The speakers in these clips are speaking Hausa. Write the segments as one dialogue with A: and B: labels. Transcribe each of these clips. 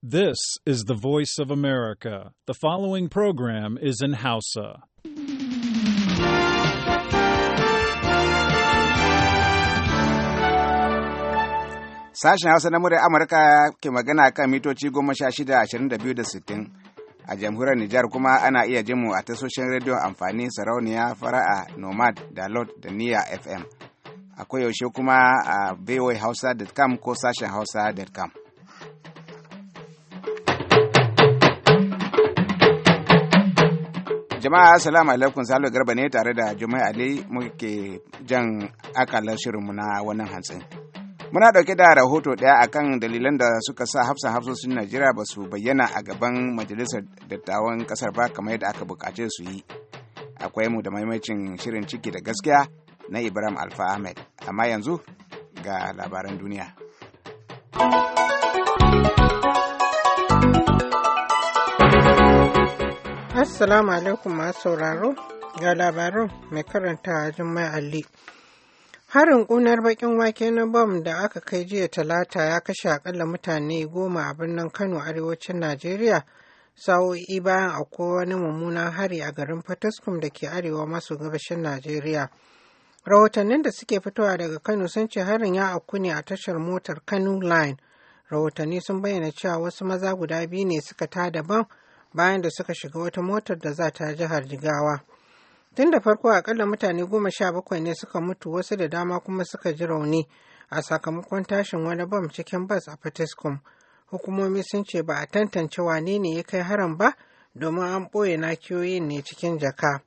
A: This is the voice of America. The following program is in Hausa. Sashen
B: Hausa na muryar Amurka ke magana kan mitoci goma sha shida ashirin da biyu da sittin. A jamhuriyar Nijar kuma ana iya jin mu a tasoshin rediyo amfani sarauniya fara'a nomad da Lord da niya FM. Akwai yaushe kuma a voahausa.com ko sashen hausa.com. Jama'a assalamu alaikum Salo Garba ne tare da Juma'a Ali muke jan akalar shirinmu na wannan hantsin. Muna dauke da rahoto ɗaya akan dalilan da suka sa hafsa hafsoshin Najeriya ba su bayyana a gaban majalisar dattawan kasar ba kamar yadda aka bukace su yi. Akwai mu da maimacin shirin ciki da gaskiya na Ibrahim Alfa Ahmed. Amma yanzu ga labaran duniya.
C: Assalamu alaikum masu sauraro ga labarin mai karanta Jummai Ali. Harin ƙunar bakin wake na bom da aka kai jiya talata ya kashe akalla mutane goma a birnin Kano arewacin Najeriya sa'o'i bayan akwai wani mummunan hari a garin Fataskum da ke arewa maso gabashin Najeriya. Rahotannin da suke fitowa daga Kano sun ce harin ya auku ne a tashar motar Kano Line. Rahotanni sun bayyana cewa wasu maza guda biyu ne suka tada bam bayan da suka shiga wata motar da za ta jihar Jigawa. Tun da farko akalla mutane goma sha bakwai ne suka mutu wasu da dama kuma suka ji rauni a sakamakon tashin wani bam cikin bas a Fatiskum. Hukumomi sun ce ba a tantance wane ne ya kai haram ba domin an ɓoye nakiyoyin ne cikin jaka.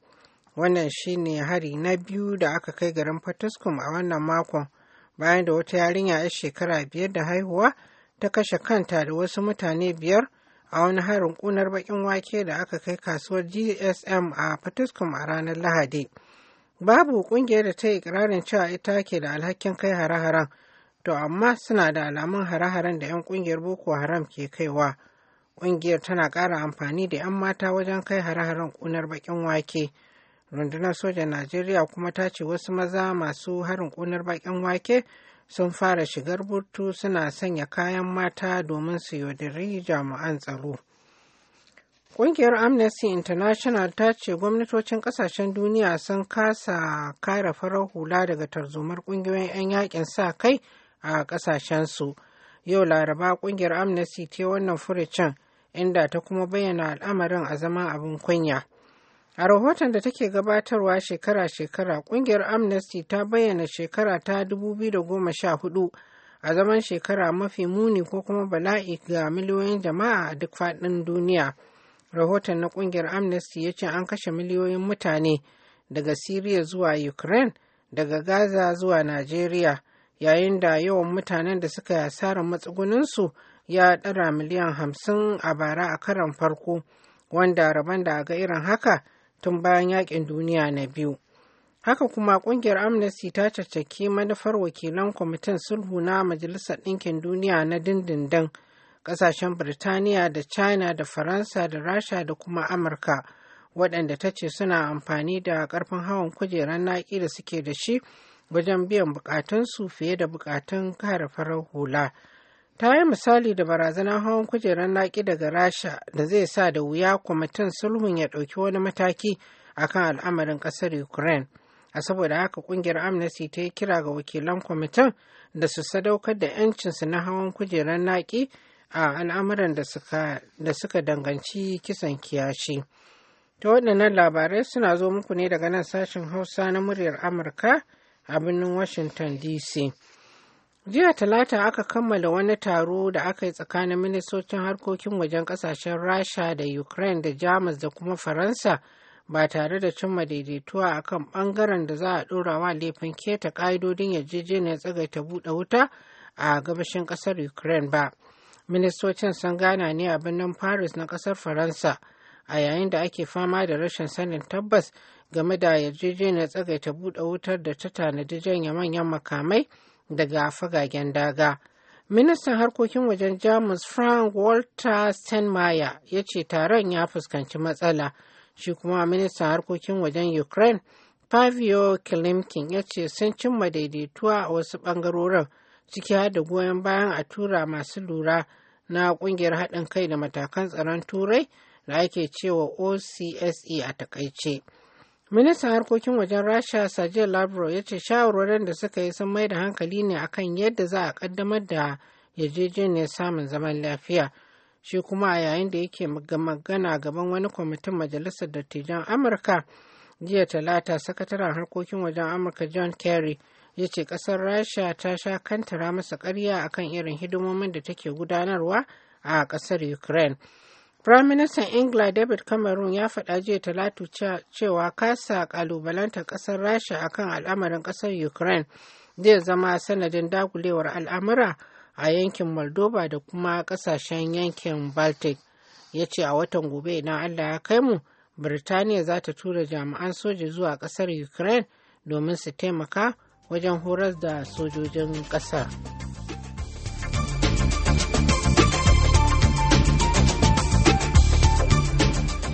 C: Wannan shine hari na biyu da aka kai garin Fatiskum a wannan makon bayan da wata yarinya 'yar shekara biyar da haihuwa ta kashe kanta da wasu mutane biyar a wani harin kunar bakin wake da aka kai kasuwar gsm a fatuskum a ranar lahadi babu kungiyar da ta yi ikirarin cewa ita ke da alhakin kai hare-haren to amma suna da alamun hare-haren da 'yan kungiyar boko haram ke kaiwa kungiyar tana ƙara amfani da 'yan mata wajen kai hare-haren kunar bakin wake rundunar sojan najeriya kuma ta ce wasu maza masu harin kunar bakin wake sun fara shigar burtu suna sanya kayan mata domin su yaudari jami'an tsaro. Ƙungiyar Amnesty International ta ce gwamnatocin ƙasashen duniya sun kasa kare farar hula daga tarzomar ƙungiyoyin 'yan yakin sa kai a ƙasashensu. Yau Laraba ƙungiyar Amnesty ta wannan furucin inda ta kuma bayyana al'amarin a zama abin kunya. A rahoton da take gabatarwa shekara-shekara, kungiyar Amnesty ta bayyana shekara ta 2014 a zaman shekara mafi muni ko kuma bala'i ga miliyoyin jama'a a duk faɗin duniya. Rahoton na kungiyar Amnesty ya ce an kashe miliyoyin mutane daga Siriya zuwa Ukraine, daga Gaza zuwa Najeriya, yayin da yawan mutanen da suka yi asarar ya ɗara miliyan hamsin a bara a karon farko, wanda rabon da ga irin haka tun bayan yakin duniya na biyu haka kuma kungiyar amnesty ta caccaki manufar wakilan kwamitin sulhu na majalisar ɗinkin duniya na dindindin ƙasashen birtaniya da china da faransa da rasha da kuma amurka waɗanda ta ce suna amfani da ƙarfin hawan kujerar naƙi da suke da shi wajen biyan buƙatunsu fiye da buƙatun kare farar hula. ta yi misali da barazanar hawan kujerar naƙi daga rasha da zai sa da wuya kwamitin sulhun ya ɗauki wani mataki a kan al'amarin ƙasar ukraine a saboda haka ƙungiyar amnesty ta yi kira ga wakilan kwamitin da su sadaukar da 'yancinsu na hawan kujerar naƙi a al'amuran da suka danganci kisan kiyashi ta waɗannan labarai suna zo muku ne daga nan sashen hausa na muryar amurka a birnin washington dc jiya talata aka kammala wani taro da aka yi tsakanin ministocin harkokin wajen kasashen rasha da ukraine da jamus da kuma faransa ba tare da cimma daidaituwa kan bangaren da za a dora wa laifin keta ka'idodin yarjejeniyar tsagaita buɗe wuta a gabashin ƙasar ukraine ba ministocin sun gana ne a birnin paris na ƙasar faransa a yayin da ake fama da rashin sanin tabbas game da yarjejeniyar tsagaita buɗe wutar da ta tanadi janye manyan makamai daga fagagen daga. Ministan harkokin wajen Jamus Frank Walter Steinmeier ya ce taron ya fuskanci matsala, shi kuma ministan harkokin wajen Ukraine Pavio Kilimkin ya ce sun cimma daidaituwa a wasu ɓangarorin ciki har da goyon bayan a tura masu lura na ƙungiyar haɗin kai da matakan tsaron turai da ake cewa OCSE a taƙaice. Ministan harkokin wajen Rasha Sajid Lavrov ya ce shawarwarin da suka yi sun mai da hankali ne akan yadda za a kaddamar da yarjejeniyar samun zaman lafiya. Shi kuma a yayin da yake magana gaban wani kwamitin majalisar dattijan Amurka jiya talata sakataren harkokin wajen Amurka John Kerry ya ce kasar Rasha ta sha kantara masa karya akan irin hidimomin da take gudanarwa a kasar Ukraine. Firaministan Ingila David Cameron ya faɗa jiya talatu cewa kasa ƙalubalanta ƙasar Rasha akan al'amarin ƙasar Ukraine zai zama sanadin dagulewar al'amura a yankin Moldova da kuma ƙasashen yankin Baltic. Ya ce a watan gobe idan Allah ya kai mu, Birtaniya za ta tura jami'an soja zuwa ƙasar Ukraine domin su taimaka wajen horar da sojojin ƙasar.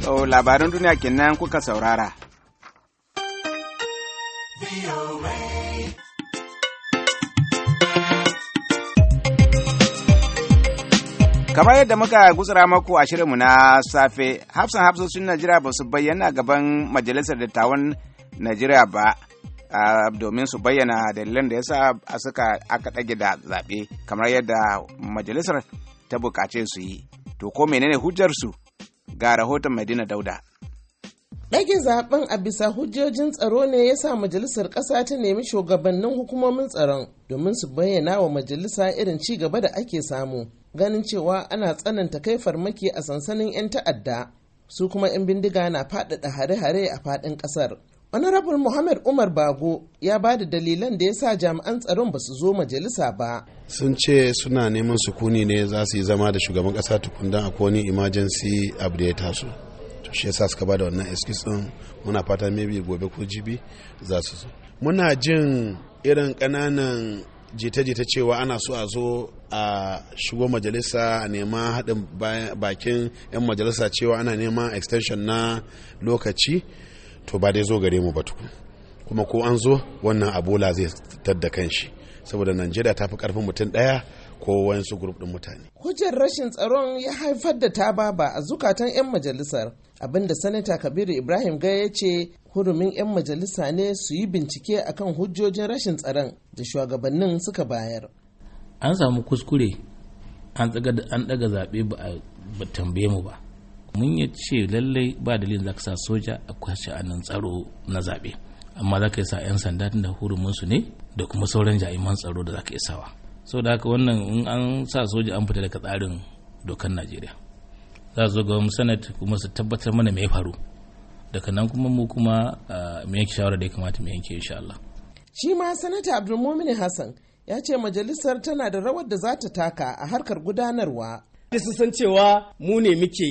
B: To labaran duniya kenan kuka saurara. kamar yadda muka gutsura maku a shirinmu na safe hafsan hafsoshin najeriya ba su bayyana gaban majalisar dattawan najeriya ba domin su bayyana dalilan da ya yasa suka aka ɗage da zaɓe kamar yadda majalisar ta buƙace su yi to ko menene su ga rahoton Madina Dauda.
A: Ɗage zaben a bisa hujjojin tsaro ne ya sa majalisar ƙasa ta nemi shugabannin hukumomin tsaron domin su bayyana wa majalisa irin ci gaba da ake samu ganin cewa ana tsananta kai farmaki a sansanin 'yan ta'adda su kuma 'yan bindiga na faɗaɗa hare-hare a faɗin ƙasar. honorable muhammad umar bago ya ba da dalilan da ya sa jami'an tsaron ba su zo majalisa ba sun ce suna neman sukuni ne za su yi zama da shugaban kasa tukundan a wani emergency abu da ya taso to shi yasa suka ba da wannan excuse din muna fata maybe gobe ko jibi za su zo muna jin irin ƙananan jita-jita cewa ana so a zo a shigo majalisa a nema haɗin bakin 'yan majalisa cewa ana neman extension na lokaci to ba dai zo gare mu ba tukun kuma ko an zo wannan abola zai tadda shi saboda najeriya ta fi karfin mutum daya ko wayansu grup ɗin mutane hujjar rashin tsaron ya haifar da tababa a zukatan 'yan majalisar abinda sanata kabiru ibrahim gaya ya ce hurumin 'yan majalisa ne su yi bincike akan hujjojin rashin tsaron da shugabannin suka bayar an samu kuskure an daga zaɓe ba a tambaye mu ba mun yi ce lallai ba dalilin za ka sa soja a kwace nan tsaro na zaɓe amma za ka sa 'yan sanda tun da su ne da kuma sauran ja'iman tsaro da za ka isawa sau da haka wannan in an sa soja an fita daga tsarin dokar najeriya za su zo ga sanat kuma su tabbatar mana me ya faru daga nan kuma mu kuma ah, mu yanke shawara da ya kamata mu yanke insha Allah shi ma sanata abdulmumin hassan ya ce majalisar tana da rawar da za ta taka a harkar gudanarwa su san cewa mu ne muke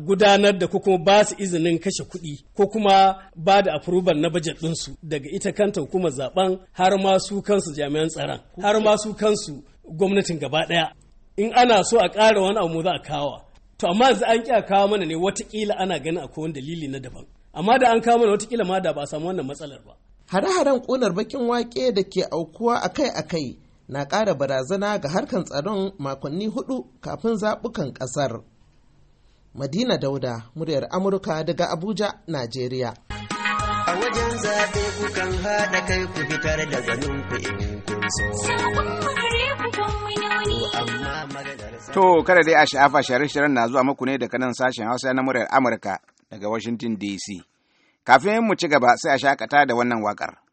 A: gudanar da ko kuma ba su izinin kashe kuɗi ko kuma ba da approval na bajet ɗinsu daga ita kanta hukumar zaben har ma su kansu jami'an tsaron har ma su kansu gwamnatin gaba ɗaya in ana so a ƙara wani abu za a kawa to amma yanzu an ƙi kawo mana ne watakila ana ganin akwai wani dalili na daban amma da an kawo mana watakila ma da ba a samu wannan matsalar ba hare-haren ƙunar bakin wake da ke aukuwa akai-akai na ƙara barazana ga harkar tsaron makonni hudu kafin zaɓukan ƙasar. Madina Dauda, muryar Amurka daga Abuja, Najeriya. A wajen
D: zaɓe kan haɗa kai ku fitar da ganin ku in
A: kun so.
B: To kada dai a sha'afa shirin-shirin na zuwa muku ne daga nan sashen Hausa na muryar Amurka daga Washington DC. Kafin mu ci gaba sai a shakata da wannan waƙar.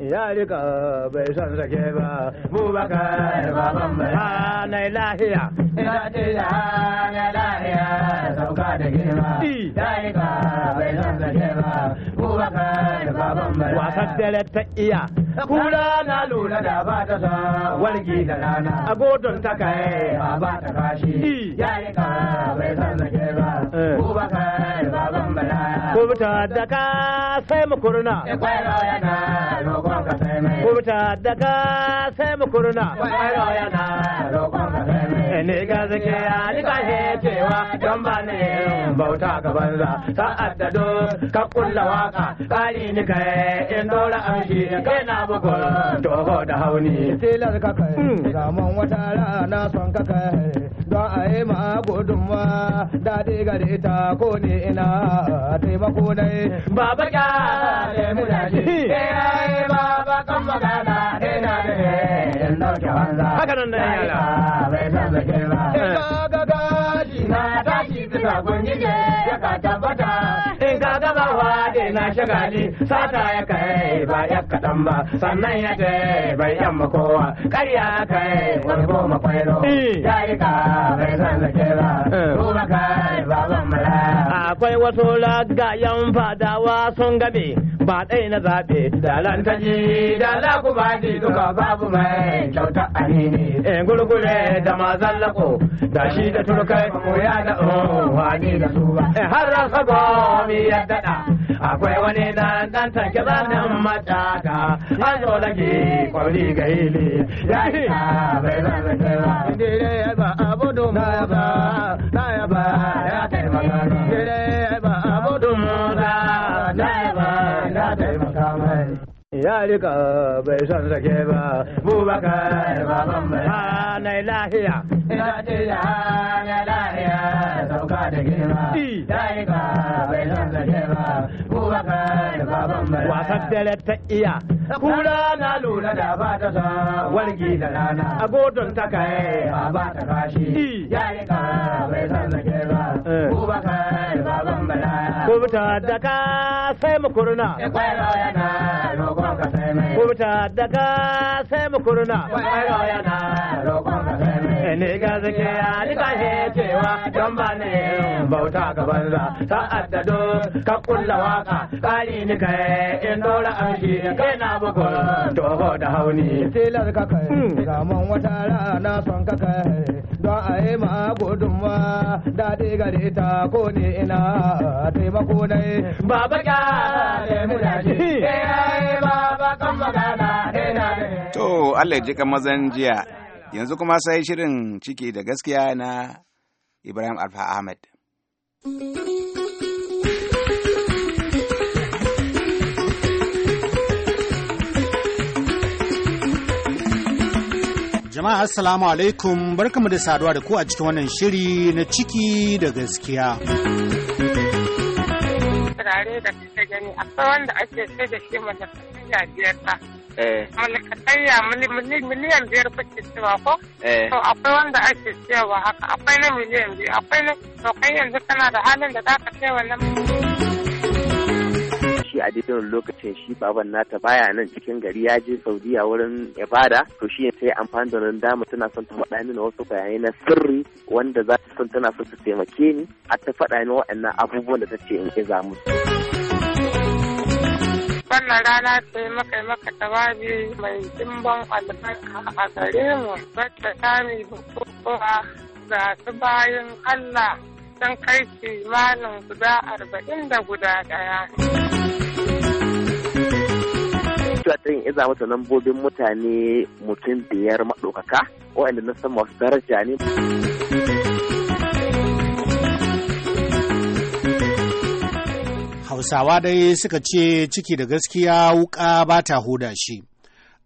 E: ya rika bai son sake ba bubakar baban bai lahiya ina ce da hana lahiya sauka da girma ya rika bai son sake ba bubakar baban bai wasan dare iya kura na lula da ba ta sa wargi da rana a godon ta ba ta kashi ba Kubta da sai mu kurna. Ikwai yana roƙon kafe. kubta daga sai mu kurna kwairo yana roƙon ka ne gaskiya ni ka cewa don ba ne bauta ga banza ka addado ka kulla waka kari ni kai in dora amshi kai na bugun toho da hauni tilar ka kai hmm. zaman wata rana son ka kai don a yi ma gudunma daɗi gare ta ko ne ina taimako dai baba ya ne muna ji haka nan nan yara bai san ga gashi na tashi bisa gunjije ya ka tabbata ce na shagali sata ya kai ba ya kaɗan ba sannan ya ce bai yamma kowa ƙarya kai wani goma kwairo eh. ya yi ka bai san da ke ba kuma eh. kai baban mala. Akwai wasu ragayen fadawa sun gabe ba ɗai na zaɓe da lantaji da laku ba duka babu mai kyauta a nini In eh, gurgure da mazan lako da shi da turkai mu ya da ohani da su ba. Har rasa gomi ya daɗa. akwai wani dan dan take zanen matata an zo da ke kwari ga ile ya yi ta bai zan ya ba abu doma ba na ya ba ya taimaka ya rika bai sake ba bubakar baban bai na lahiya ina ce ya na lahiya sauka da girma ya ka bai son sake ba bubakar baban bai wasan dare ta iya
F: Kula na lura da ba
E: ta sa wargi da rana a godon ta kai ba ta kashi ya ka bai son sake ba bubakar Kubuta da sai mu kurna. Kubuta da sai mu ni gaskiya ni kashe cewa don ba ne. bauta ka banza sa'ad da do ka kulla waka kari ni kai in dora amshi kai na bugu toho da hauni tilar ka kai ramon wata rana son ka kai don a yi ma gudunma daɗi gare ta ko ne ina taimako yi. baba ka ne muna ji eh baba kan magana ina ne
B: to Allah ji kan mazan jiya Yanzu kuma sai shirin ciki da gaskiya na Ibrahim Alfa Ahmad.
G: Jama'a Assalamu alaikum barkamu da saduwa da ku a cikin wannan shiri na ciki da gaskiya.
H: Turare da kake gani akwai wanda ake sai da shi mata
B: Eh. wani
H: katayya miliyan biyar kuke cewa ko eh. to akwai wanda ake cewa haka akwai na miliyan biyu akwai na to kai yanzu kana da halin da za ka kai wannan
D: shi a daidai lokacin shi baban nata baya nan cikin gari ya je saudiya wurin ibada to shi sai amfani da nan dama tana son ta faɗa mini wasu bayanai na sirri wanda za ta son tana son ta taimake ni a ta faɗa mini waɗannan abubuwan da ta ce in iza
H: musu. wannan rana ce maka maka tawabi mai jimban albarka a gare mu wacce ta mi bukukuwa ga su bayan Allah don kai kimanin guda arba'in da guda daya.
D: Ita ta yin iza mata lambobin mutane mutum biyar maɗaukaka waɗanda na san masu daraja
G: ne. Hausawa dai suka ce ciki da gaskiya wuka ba ta huda shi.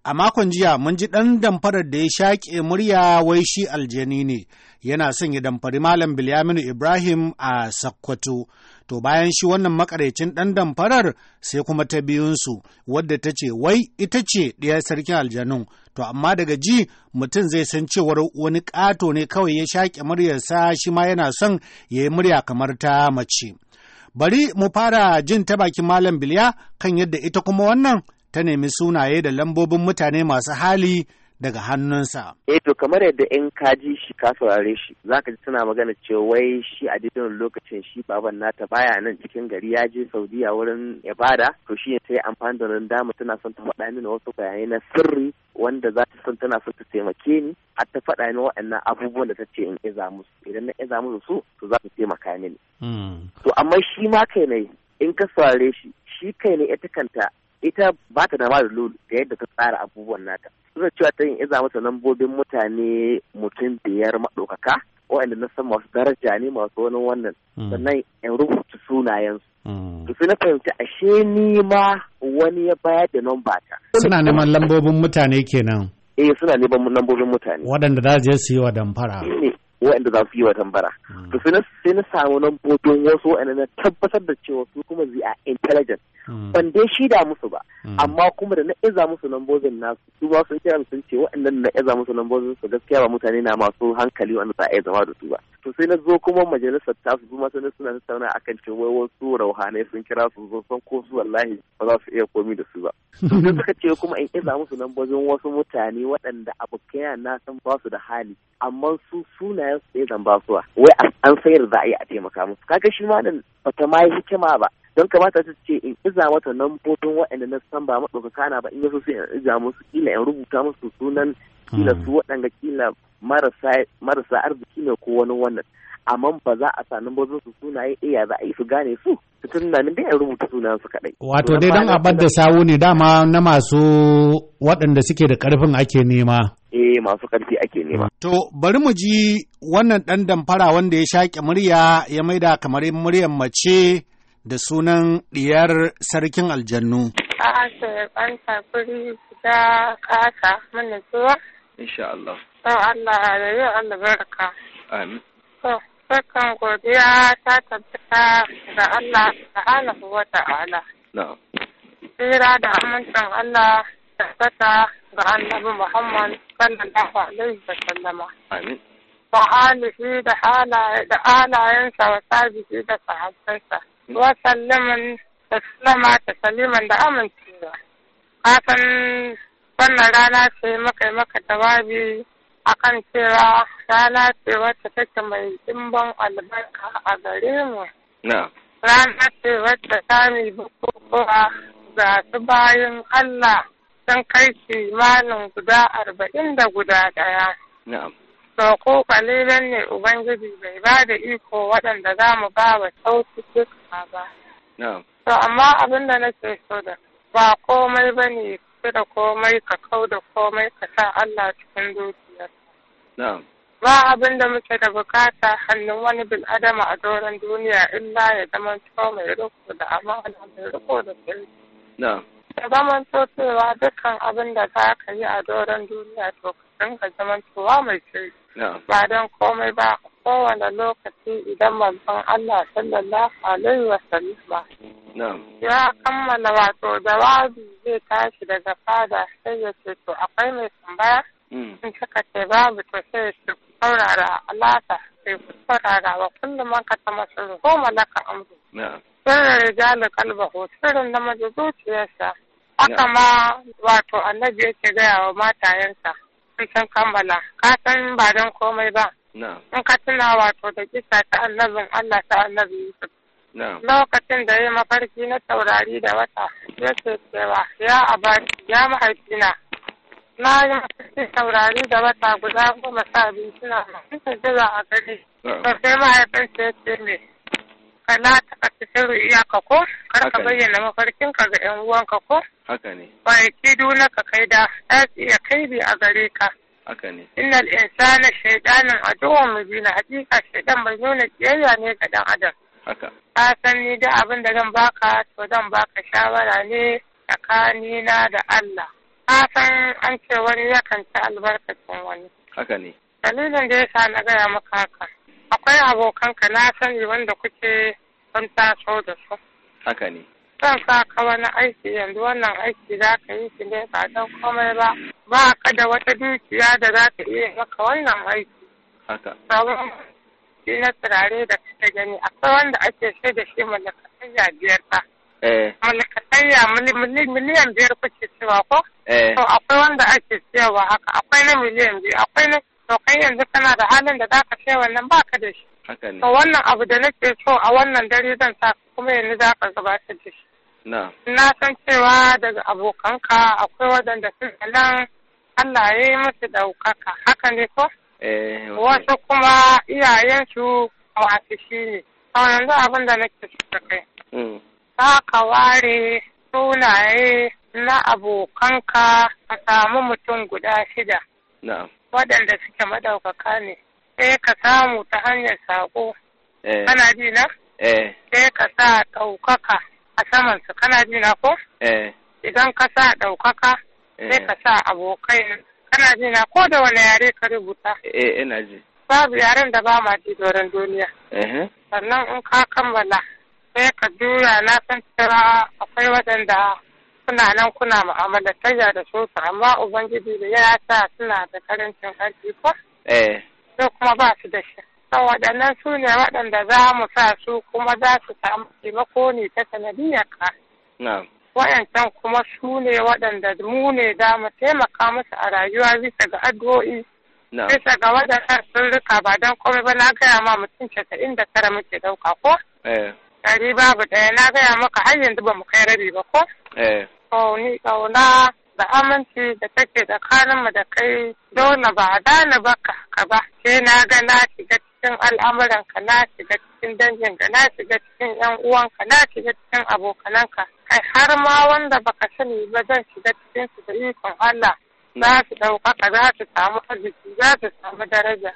G: A makon jiya mun ji ɗan damfarar da ya shaƙe murya wai shi aljani ne, yana son ya damfari Malam Bilyaminu Ibrahim a Sakkwato. To bayan shi wannan makarecin ɗan damfarar sai kuma ta biyunsu, wadda ta ce wai ita ce ɗaya sarkin aljanun. To amma daga ji mutum zai san cewar wani ƙato ne kawai ya shaƙe muryarsa shi ma yana son ya yi murya kamar ta mace. Bari mu fara jin ta bakin Malam Biliya kan yadda ita kuma wannan ta nemi sunaye da lambobin mutane masu hali daga hannunsa.
D: Eh to kamar yadda in ka ji shi ka saurare shi za ka ji tana magana cewa wai shi a didin lokacin shi baban nata baya nan cikin gari ya je Saudiya wurin ibada to shi ta yi amfani da wannan dama tana son ta faɗa mini wasu bayanai na sirri wanda za ta san tana son ta taimake ni a ta faɗa ni waɗannan abubuwan da ta ce in iza musu idan na iza musu su to za ta taimaka mini. Hmm. To amma shi ma kai ne in ka saurare shi shi kai ne ita kanta ita ba ta dama da da yadda ta tsara abubuwan nata suna cewa ta yin iza masa lambobin mutane mutum biyar maɗaukaka waɗanda na san masu daraja ne masu wani wannan hmm. sannan in rubuta sunayensu hmm. to fi na fahimci ashe ni ma wani ya bayar da nomba ta suna neman
G: lambobin mutane kenan
D: eh suna neman lambobin mutane
G: waɗanda za su je su yi wa damfara
D: waɗanda za su yi wa damfara. Hmm. To sai na samu lambobin wasu waɗanda na tabbatar da cewa su kuma zai a intelligent Hmm. ban dai shida musu ba hmm. amma kuma da na iza musu lambozin nasu su ba sun kira sun ce waɗannan na iza musu lambozin su gaskiya ba mutane na masu hankali wanda za a zama da su ba to sai na zo kuma majalisar ta su kuma sai suna tattauna akan ce wai wasu rauhanai sun kira su zo san ko su wallahi ba za su iya komi da su ba sai suka ce kuma in iza musu lambozin wasu mutane waɗanda abokaiya na san ba su da hali amma su sunayen su zan ba su wai an sayar za a yi a taimaka musu kaga shi ma nan bata ma yi hikima ba don kamata ta ce in iza mata lambobin waɗanda na san ba maɗaukaka na ba in yaso sai in iza musu kila in rubuta musu sunan kila su hmm. waɗanda kila marasa arziki ne ko wani wannan amma ba za a sa lambobin su sunaye iya eh, za a yi su gane su su tunanin dai in rubuta sunan su kaɗai. wato dai don a da sawu
G: ne dama na masu waɗanda suke da ƙarfin ake nema. eh
D: masu ƙarfi ake nema.
G: To bari mu ji wannan ɗan damfara wanda ya shaƙe murya ya maida kamar muryar mace da sunan ɗiyar sarkin aljannu.
H: A'a, ɓanta tafiri da ƙasa mana zuwa. Insha Allah. Sau Allah da yau Allah Amin. To, sarkan godiya ta tabbata ga Allah ta'ala wa ta'ala. Na'am. Tsira da amincin Allah tabbata ga annabi Muhammad sallallahu alaihi wa sallama. Amin. Wa alihi da halayensa wa sabihi da sahabbansa. wa sallaman taslima tasliman da amincewa kasan wannan rana ce makai maka jawabi akan cewa rana ce wacce take mai dimbin albarka a gare mu rana ce wacce ta mai bukukuwa ga su bayan Allah sun kai kimanin guda arba'in da guda ɗaya. roƙo ƙalilan ne Ubangiji bai ba da iko waɗanda za mu ba wa sauki duka ba. To amma abin da nake so da ba komai ba ne da komai ka kau da komai ka sa Allah cikin dukiyar. Ba abin da muke da bukata hannun wani bil'adama a doron duniya illa ya zama mai riko da amana mai riko da kirki. Da zaman cewa dukkan abin da za ka yi a doron duniya to ka dinga zaman cewa mai kirki. ba don komai ba kowane lokaci idan manzon Allah sallallahu alaihi wa sallam ya kammala wato jawabi zai tashi daga fada sai ya ce to akwai mai tambaya mm. in kika ce babu to sai ya ce saurara alata sai eh, ku saurara wa kullum man ta masu goma laka amru sirrin rijalin kalbahu sirrin namiji zuciyarsa haka ma wato annabi yake gaya wa matayensa sai kammala ka san ba don komai ba in ka tuna wato da kisa ta annabin Allah ta annabi Yusuf lokacin da ya mafarki na taurari da wata ya ce cewa ya abari ya mahaifina na yi mafarki taurari da wata guda goma abinci biyu suna mafarki a gari Sosai sai mahaifin ce ce me Ka ta kasu sirri iyaka ko kar ka bayyana mafarkin ka ga yan uwanka ko haka ne ka kai da. tsatsi ya kai bi a gare ka haka ne innal insana shaydanan aduwwun mubina hakika shaydan bai nuna kiyayya ne ga dan adam haka ka san ni da abin da zan baka to zan baka shawara ne tsakanina da Allah ka san an ce wani yakan ci albarkacin wani haka ne dalilin da yasa na gaya maka haka akwai abokanka na sani wanda kuke sun taso da su
G: haka
A: ne
H: zan sa ka wani aiki yanzu wannan aiki za ka yi shi ne ba don komai ba ba ka da wata dukiya da za ka iya maka wannan aiki haka shi na turare da kake gani akwai wanda ake sai da shi malakatayya biyar ta eh. malakatayya miliyan biyar kuke cewa ko eh. to akwai wanda ake cewa haka akwai na miliyan biyu akwai na to kai yanzu kana da halin da zaka ce wannan baka da shi to wannan abu da nake so a wannan dare zan sa kuma yanzu zaka gabata da shi na san cewa daga abokanka akwai waɗanda sun nan Allah ya yi musu ɗaukaka haka ne ko
B: eh, wasu
H: kuma iyayensu masu shi ne a yanzu abin da nake so da kai mm. za ka ware sunaye na abokanka a samu mutum guda shida waɗanda suke madaukaka ne sai ka samu ta hanyar saƙo
B: eh. kana ji
H: na eh. sai ka sa ɗaukaka a saman kana ji na ko eh. idan ka sa ɗaukaka sai ka sa abokai kana ji na ko da wani yare ka rubuta babu yaren da ba ma ji doron duniya sannan in ka kammala sai ka juya na san cewa akwai waɗanda kuna nan kuna mu'amala tayya da su amma ubangiji da ya sa suna da karancin arziki ko eh kuma ba su da shi to waɗannan su ne waɗanda za mu sa su kuma za su samu taimako ne ta sanadiyar ka na'am kuma su ne waɗanda mu ne za mu taimaka musu a rayuwa bisa ga addu'o'i bisa ga waɗanda sun rika ba don komai ba na gaya ma mutum casa'in da tara muke ɗauka ko eh. ɗari babu ɗaya na gaya maka har yanzu ba mu kai rabi ba ko eh. kauna da aminci da take kanunmu da kai dole ba dana ba ka ba sai na ga na shiga cikin ka na shiga cikin dangin, ka na shiga cikin yan uwanka na shiga cikin abokananka kai har ma wanda baka sani ba zan shiga cikin su da ikon Allah za su ɗaukaka za su samu arziki za su samu daraja.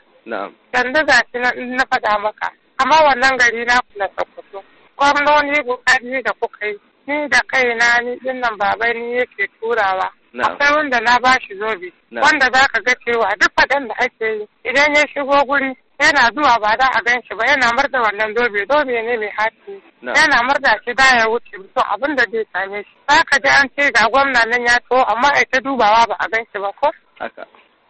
H: Sandu za su na faɗa maka amma wannan gari na kula Sokoto. Gwamnoni guda ne da kuka yi ni da kaina ni dinnan baba ni yake turawa. Akwai wanda na ba shi zobe. Wanda za ka ga cewa duk faɗin da ake yi idan ya shigo guri yana zuwa ba za a gan shi ba yana murda wannan zobe zobe ne mai hati. Yana murda shi da ya wuce to abin da zai same shi. Za ka ji an ce ga gwamna nan ya tso amma a ta dubawa ba a gan shi ba ko?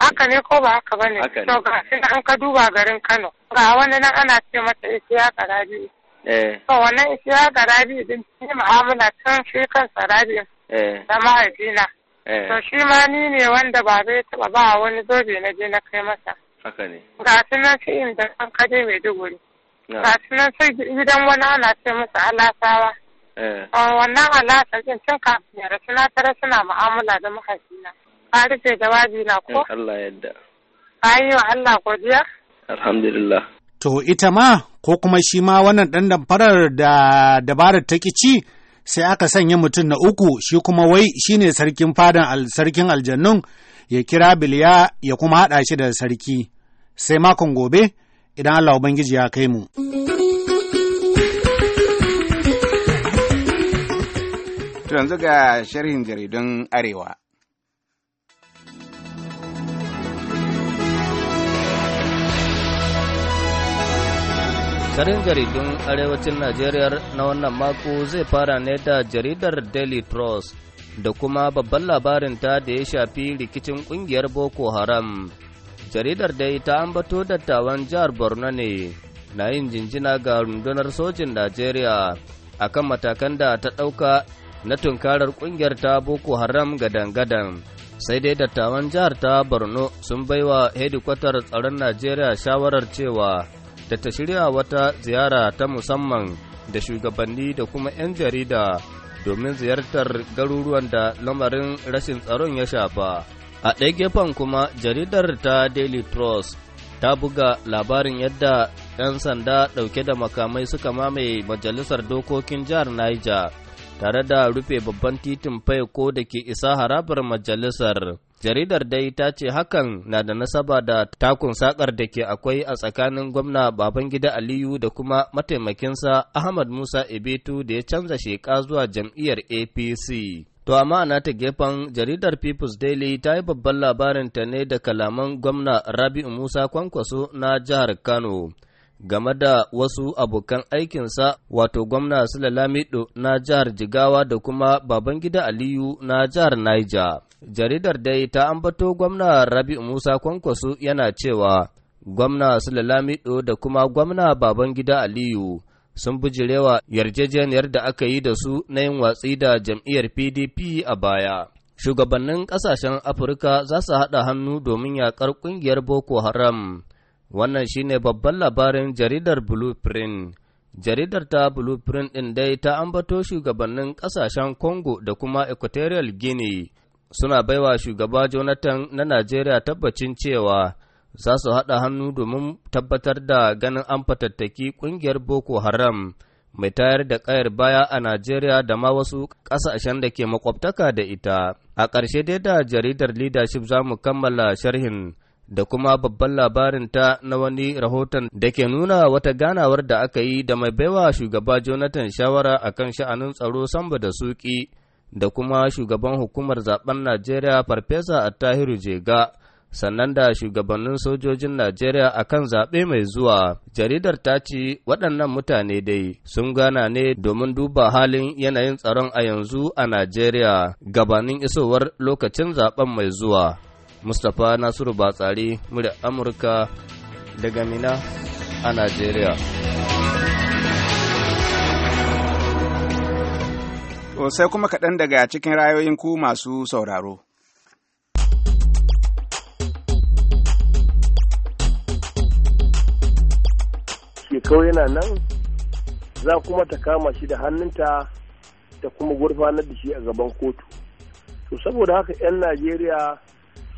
H: haka ne ko ba haka bane to ga shi an ka duba garin Kano ga wani nan ana ce mata isiya eh, karabi Eh. To wannan ya ga rabi din shi mu'amala kan shi saradi rabi eh. da mahaifina. Eh. To shi ma ni ne wanda ba zai taɓa ba wani zobe na je na kai masa. Haka ne. Ga su shi inda an kaje duguri. Ga su nan sai gidan wani ana ce masa alasawa. Wannan alasa din tun kafin ya rasu na tara suna mu'amala da mahaifina. Ka rufe jawabi na ko? Allah yadda. Ka wa Allah godiya?
F: Alhamdulillah.
G: to ita ma ko kuma shi ma wannan ɗan damfarar da dabarar ta ci sai aka sanya mutum na uku shi kuma wai shi ne sarkin fadan sarkin aljannun ya kira biliya ya kuma haɗa shi da sarki sai makon gobe idan Allah Ubangiji ya kai mu.
B: yanzu ga sharhin jaridun Arewa.
F: Sharin jaridun arewacin Najeriya na wannan mako zai fara ne da jaridar Daily Trust da kuma babban labarin ta da ya shafi rikicin ƙungiyar Boko Haram. Jaridar dai ta ambato dattawan jihar Borno ne na yin jinjina ga rundunar sojin Najeriya a kan matakan da ta ɗauka na tunkarar ƙungiyar ta Boko Haram gadan-gadan. Sai dai dattawan jihar ta Borno sun baiwa hedikwatar tsaron Najeriya shawarar cewa da ta shirya wata ziyara ta musamman da shugabanni da kuma 'yan jarida domin ziyartar garuruwan da lamarin rashin tsaron ya shafa. A ɗaya gefen kuma jaridar ta Daily Trust ta buga labarin yadda 'yan sanda ɗauke da makamai suka mamaye majalisar dokokin jihar Niger tare da rufe babban titin ko da ke isa harabar majalisar. Jaridar dai ta ce hakan na da nasaba da takun sakar da ke akwai a tsakanin gwamna Babangida Aliyu da kuma mataimakinsa Ahmad Musa Ibitu da ya canza sheka zuwa jam'iyyar APC. To amma na ta gefen jaridar People's Daily ta yi babban labarin ta ne da kalaman gwamna Rabi'u Musa Kwankwaso na jihar Kano. game da wasu abokan aikinsa wato gwamna Sulalamido na jihar Jigawa da kuma Babangida Aliyu na jihar Niger. Jaridar dai ta ambato gwamna Rabi'u Musa Kwankwaso yana cewa gwamna Sulalamido da kuma gwamna Babangida Aliyu sun bujirewa yarjejeniyar da aka yi da su na yin watsi da jam'iyyar PDP a baya. Shugabannin ƙasashen Afirka za su haɗa hannu domin yaƙar ƙungiyar Boko Haram. Wannan shine babban labarin jaridar Blueprint. Jaridar ta Blueprint ɗin dai ta ambato shugabannin ƙasashen Congo da kuma Equatorial Guinea suna baiwa shugaba Jonathan na Najeriya tabbacin cewa za su haɗa hannu domin tabbatar da ganin an fatattaki ƙungiyar Boko Haram mai tayar da ƙayar baya a Najeriya da ma wasu ƙasashen da ke makwabtaka da ita. A ƙarshe dai da jaridar leadership za mu kammala sharhin. da kuma babban labarinta na wani rahoton da ke nuna wata ganawar da aka yi da mai baiwa shugaba Jonathan shawara a kan sha'anin tsaro samba da suki da kuma shugaban hukumar zaben Najeriya Farfesa Attahiru Jega sannan da shugabannin sojojin Najeriya a kan zaɓe mai zuwa. Jaridar ta ce waɗannan mutane dai sun gana ne domin duba halin yanayin tsaron a yanzu a Najeriya gabanin isowar lokacin zaɓen mai zuwa. mustapha nasiru batsari murya amurka daga mina a najeriya
B: sai kuma kaɗan daga cikin rayoyin ku masu sauraro
F: shekau yana nan za kuma ta kama shi da hannunta ta kuma gurfanar da shi a gaban kotu to saboda haka 'yan najeriya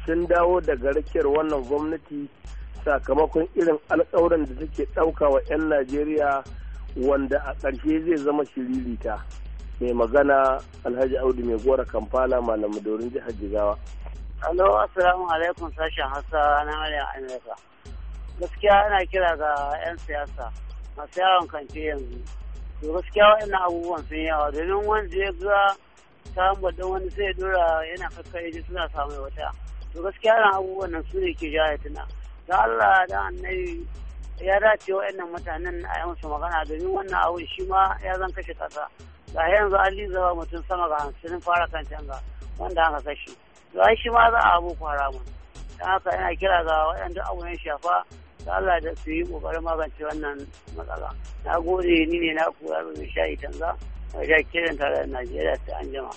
F: sun dawo daga rakiyar wannan gwamnati sakamakon irin alkawuran da take ɗauka wa 'yan najeriya wanda a ƙarshe zai zama shiririta mai magana alhaji audu mai gora kamfala malamu dorin jihar jigawa alo assalamu
I: alaikum sashen hausa na Maryam, amurka gaskiya ana kira ga 'yan siyasa masu yawon kanke yanzu to gaskiya wa'annan abubuwan sun yawa domin wanda ya ga ta wani sai dora yana kakkai suna samun wata to gaskiya ran abubuwan nan su ne ke jawo tuna da Allah da annabi ya dace wa'annan mutanen a yi musu magana domin wannan abu shi ma ya zan kashe kasa ga yanzu an lizawa mutum sama ga hamsin fara kan canza wanda aka kashe ga shi ma za a abu kwara mun don haka yana kira ga waɗanda abu ya shafa da Allah da su yi ƙoƙarin magance wannan matsala na gode ni ne na kura mai shayi tanza mai kiran tare da Najeriya ta anjima.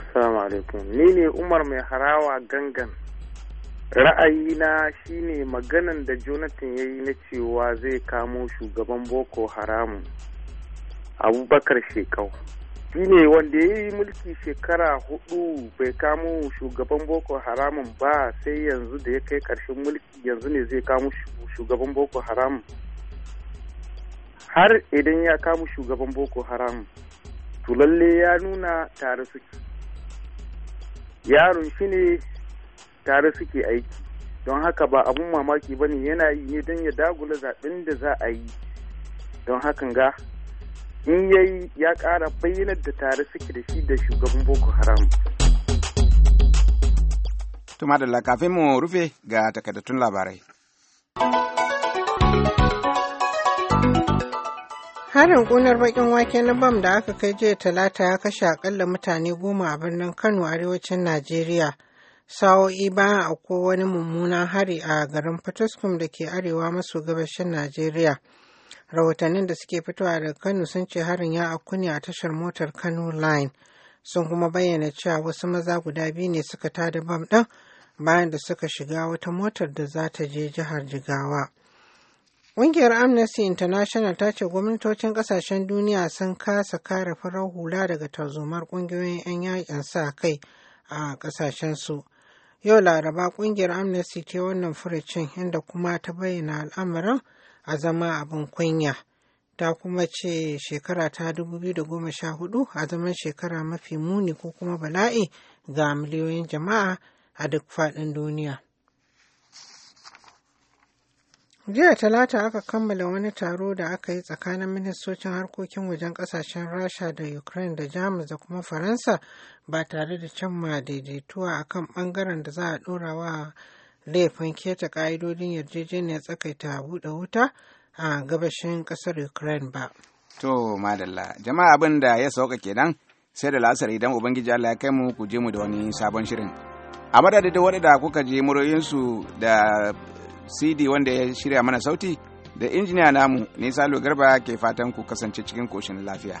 G: Assalamu alaikum. Ni ne Umar mai harawa gangan. Ra'ayina shi ne maganan da Jonathan ya yi na cewa zai kamo shugaban Boko Haramun.
D: Abubakar Shekau.
G: Shi ne wanda ya yi mulki shekara hudu bai kamo shugaban Boko Haramun ba sai yanzu da ya kai ƙarshen mulki yanzu ne zai kamo shugaban Boko Haramun. Har idan ya kamo shugaban Boko Haramun, Tulalle ya nuna tare suke. yaron shi ne tare suke aiki don haka ba abun mamaki ba ne yana yi ne don ya dagula zaɓen da za a yi don hakan ga in yayi ya ƙara bayyanar da tare suke da shi da shugaban boko haram
B: tumadala kafin mu rufe ga takaddatun labarai
C: Harin ƙunar bakin wake na bam da aka kai jiya talata ya kashe akalla mutane goma a birnin Kano arewacin Najeriya. Sa'o'i bayan akwai wani mummunan hari a garin Fataskum da ke arewa maso gabashin Najeriya. Rahotannin da suke fitowa daga Kano sun ce harin ya a ne a tashar motar Kano Line. Sun kuma bayyana cewa wasu maza guda biyu ne suka tada bam ɗin bayan da suka shiga wata motar da za ta je jihar Jigawa. Ƙungiyar Amnesty International ta ce gwamnatocin ƙasashen duniya sun kasa kare farar hula daga tarzomar ƙungiyoyin 'yan yakin sa kai a ƙasashen su. Yau Laraba ƙungiyar Amnesty ta wannan furucin inda kuma ta bayyana al'amarin a zama abin kunya. Ta kuma ce shekara ta 2014 a zaman shekara mafi muni ko kuma bala'i ga miliyoyin jama'a a duk faɗin duniya. jiya talata aka kammala wani taro da aka yi tsakanin ministocin harkokin wajen kasashen rasha da ukraine da jamus da kuma faransa ba tare da cimma daidaituwa a kan bangaren da za a dora wa laifin keta ka'idodin yarjejeniyar tsakaita buɗe wuta a gabashin ƙasar ukraine ba
B: to madalla jama'a abin da ya sauka nan, sai da lasar idan ubangiji allah ya kai mu ku je mu da wani sabon shirin a madadin da kuka je muroyinsu da cd wanda ya shirya mana sauti da injiniya namu nisa garba ke fatan ku kasance cikin koshin lafiya